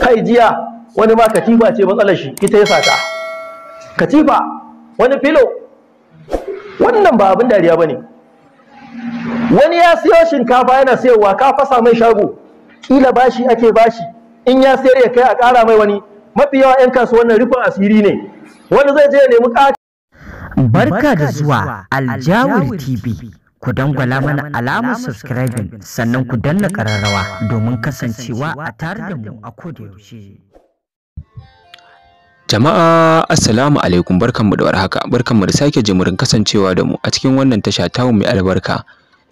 kai jiya wani ma katifa ce matsalar shi ita ya sata katifa wani filo wannan ba abin dariya ba ne wani ya siyo shinkafa yana siyowa ka fasa mai shago kila bashi ake bashi in ya sayar ya kai a ƙara mai wani mafi yawa 'yan kasuwannin rufin asiri ne wani zai je ya nemi ƙaci barka da zuwa Aljawul tv ku dangwala mana alamar subscribing sannan ku danna ƙararrawa domin kasancewa a tare da mu a yaushe. Jama'a assalamu alaikum barkanmu da warhaka barkanmu da sake jimurin kasancewa da mu a cikin wannan tasha tamu mai albarka.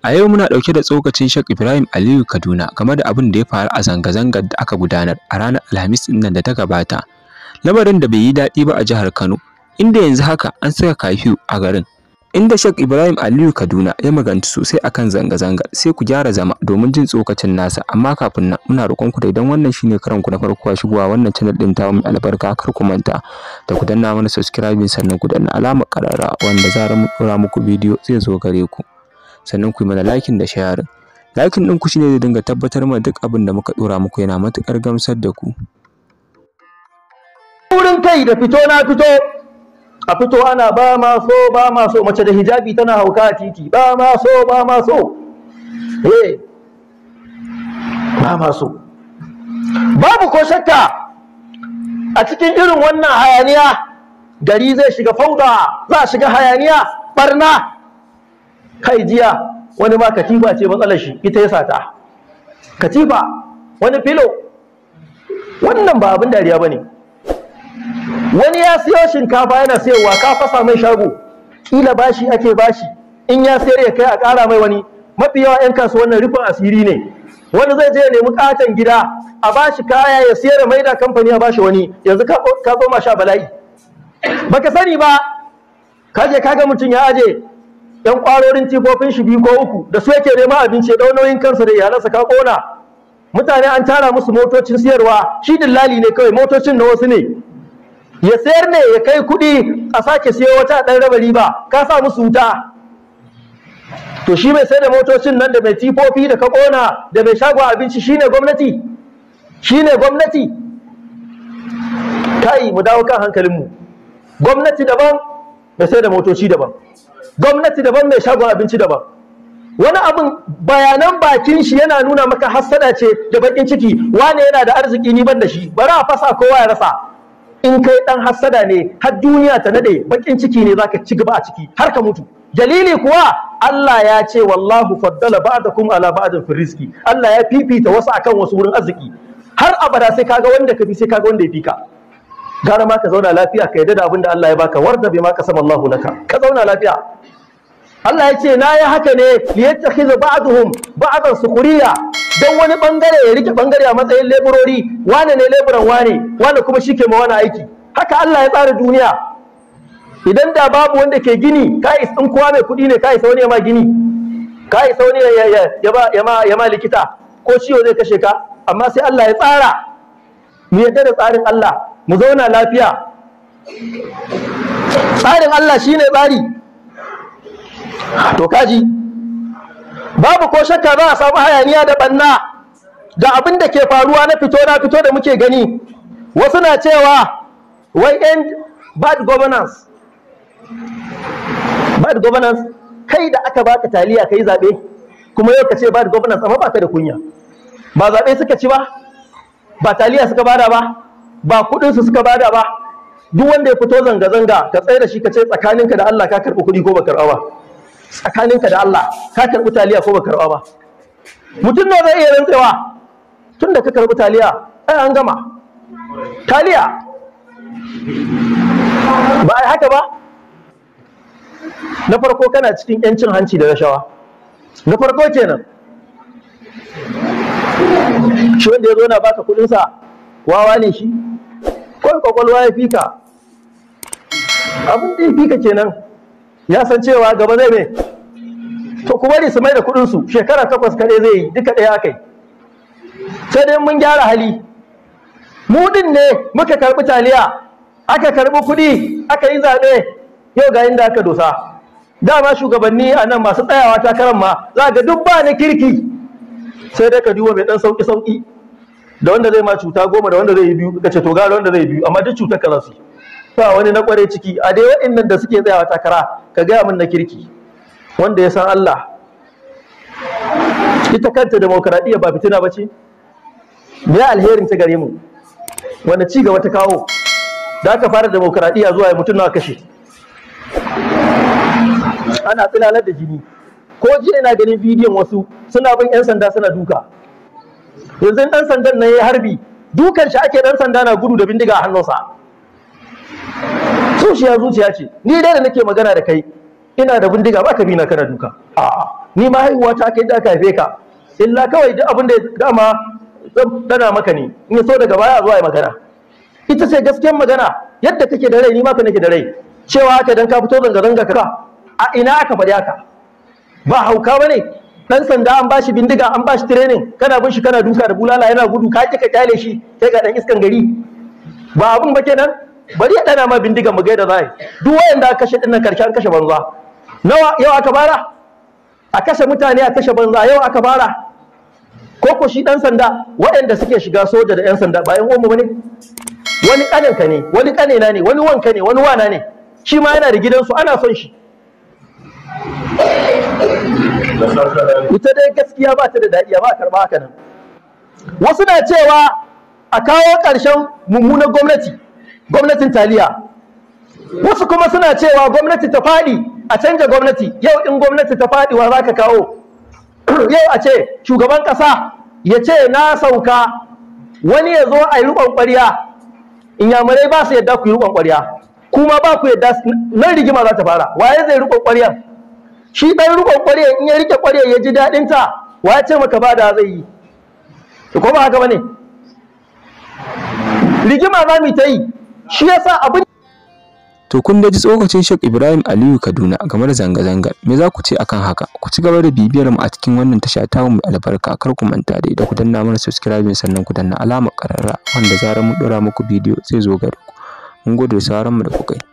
A yau muna ɗauke da tsokacin Shek Ibrahim Aliyu Kaduna game da abin da ya faru a zanga-zangar da aka gudanar a ranar Alhamis ɗinnan nan da ta gabata. Lamarin da bai yi daɗi ba a jihar Kano inda yanzu haka an saka kafiyu a garin inda Sheikh Ibrahim Aliyu Kaduna ya maganci sosai akan zanga-zanga sai ku gyara zama domin jin tsokacin nasa amma kafin nan muna roƙon ku da idan wannan shine karan ku na farko a shigowa wannan channel din ta mu albarka kar ku manta da ku danna mana subscribe sannan ku danna alamar karara wanda zarar mu dora muku bidiyo zai zo gare ku sannan ku yi mana like da share like din ku shine zai dinga tabbatar mana duk abin da muka dora muku yana matukar gamsar da ku wurin kai da fito na fito a fito ana ba ma so ba ma so mace da hijabi tana hauka a titi ba ma so ba ma so eh. ba ma so babu ko shakka a cikin irin wannan hayaniya gari zai shiga fauda za a shiga hayaniya barna kai jiya wani ma katifa ce matsalar shi ita ya sata katifa wani filo wannan ba abin dariya ba ne wani ya siyo shinkafa yana siyarwa ka fasa mai shago kila bashi ake bashi in ya sayar ya kai a ƙara mai wani mafi yawa 'yan nan rufin asiri ne wani zai je ya nemi katon gida a bashi kaya ya sayar mai da kamfani a bashi wani yanzu ka zo masha sha bala'i baka sani ba ka je kaga mutum ya aje yan kwarorin tifofin shi biyu ko uku da su yake neman abinci da nauyin kansa da iyalansa ka kona mutane an tara musu motocin siyarwa shi dillali ne kawai motocin na wasu ne ya sayar ne ya kai kuɗi a sake siyo wata ɗan raba riba ka sa musu wuta to shi mai sayar da motocin nan da mai tifofi da ka ƙona da mai shagon abinci shine gwamnati shine gwamnati kai mu dawo kan hankalinmu gwamnati daban mai sayar da motoci daban gwamnati daban mai shagon abinci daban wani abin bayanan bakin shi yana nuna maka hassada ce da bakin ciki wane yana da arziki ni ban da shi bari a fasa kowa ya rasa in kai dan hassada ne har duniya ta nade bakin ciki ne zaka ci gaba a ciki har ka mutu dalili kuwa Allah ya ce wallahu faddala ba'dakum ala ba'din fi rizqi Allah ya fifita wasu akan wasu wurin arziki har abada sai kaga wanda ka fi sai kaga wanda ya fi ka gara ma ka zauna lafiya ka yadda da abin da Allah ya baka warda bai ma kasam Allahu laka ka zauna lafiya Allah ya ce na yi haka ne liyattakhidha ba'duhum ba'dan sukhriya don wani bangare ya rike bangare a matsayin leburori wane ne leburan wane wane kuma shi ke ma wani aiki haka Allah ya tsara duniya idan da babu wanda ke gini ka isa in kowa mai kuɗi ne ka isa wani ya ma gini ka isa wani ya ma likita ko ciwo zai kashe ka amma sai Allah ya tsara mu yadda da tsarin Allah mu zauna lafiya tsarin Allah shine tsari to kaji babu ko shakka za a samu hayaniya da banna da abin da ke faruwa na fito na fito da muke gani wasu na cewa wai end bad governance bad governance kai da aka baka taliya kai zabe kuma yau ka ce bad governance amma baka da kunya ba zabe suka ci ba ba taliya suka bada ba ba kudin su suka bada ba duk wanda ya fito zanga zanga ka tsaya da shi ka ce tsakaninka da Allah ka karbi kudi ko ba karba ba tsakaninka da Allah ka karɓi taliya ko ba karɓa ba mutum ne zai iya rantsewa tun da ka karɓi taliya ai an gama taliya ba ai haka ba na farko kana cikin yancin hanci da rashawa na farko kenan shi wanda ya zo na baka kuɗinsa wawa ne shi kwakwalwa ya fika abin da ya fika kenan ya san cewa gaba zai mai to ku bari su mai da kuɗinsu shekara takwas kare zai yi duka ɗaya yi. sai dai mun gyara hali mu din ne muka karɓi taliya aka karɓi kuɗi aka yi zaɓe yau ga inda aka dosa dama shugabanni a nan masu tsayawa takarar ma za ga duk ba na kirki sai dai ka duba mai ɗan sauƙi-sauƙi da wanda zai ma cuta goma da wanda zai yi biyu ga ce to gara wanda zai yi biyu amma duk cutar ka ba wani na kware ciki a dai waɗannan da suke tsayawa takara ka gaya min na kirki wanda ya san Allah ita kanta demokradiyya ba fitina ba ce me alherin ta gare mu wanda ci gaba ta kawo da aka fara demokradiyya zuwa ya mutum na kashe ana tsinalar da jini ko jiya ina ganin bidiyon wasu suna bin yan sanda suna duka yanzu dan sandan nan ya harbi dukan shi ake dan sanda na gudu da bindiga a hannunsa zuciya zuciya ce ni dai da nake magana da kai ina da bindiga ba ka bi na kana duka a'a ni ma haihuwa ta kai da ka haife ka illa kawai duk abin da dama dana maka ne in so daga baya zuwa yi magana ita ce gaskiyar magana yadda kake da rai ni ma ka nake da rai cewa haka dan ka fito zanga zanga ka a ina aka faɗi haka ba hauka bane dan sanda an bashi bindiga an bashi training kana bin shi kana duka da bulala yana gudu ka kika kyale shi kai ga dan iskan gari ba abun ba kenan bari ya dana ma bindiga mu gaida zai duk wayanda aka kashe dinnan karshe an kashe banza nawa yau aka bara? a kashe mutane a kashe banza yau aka bara? ko ko shi dan sanda waɗanda suke shiga soja da yan sanda ba yan uwanmu bane wani ka ne wani na ne wani wanka ne wani wana ne shi ma yana da gidansu ana son shi ita dai gaskiya ba ta da daɗi ba karɓa haka nan wasu na cewa a kawo ƙarshen mummunan gwamnati gwamnatin taliya wasu kuma suna cewa gwamnati ta faɗi a canja gwamnati yau in gwamnati ta faɗi wa za ka kawo yau a ce shugaban ƙasa ya ce na sauka wani ya zo a yi riƙon ƙwariya. inyamurai ba su yadda ku yi riƙon ƙwariya. kuma ba ku yadda nan rigima za ta fara waye zai riƙon ƙwariya? shi ɗan riƙon ƙwariya in ya riƙe ƙwariya ya ji daɗin ta waye ce maka ba da zai yi ko ba haka ba ne rigima za mu ta yi shi yasa abin To kun da ji tsokacin Sheikh Ibrahim Aliyu Kaduna game da zanga-zangar. Me za ku ce akan haka? Ku ci gaba da bibiyar mu a cikin wannan tasha ta mu albarka. Kar ku manta dai da ku danna mana subscribe sannan ku danna alamar kararra wanda zarar mu dora muku bidiyo sai zo gare ku. Mun gode da sauraron mu da ku kai.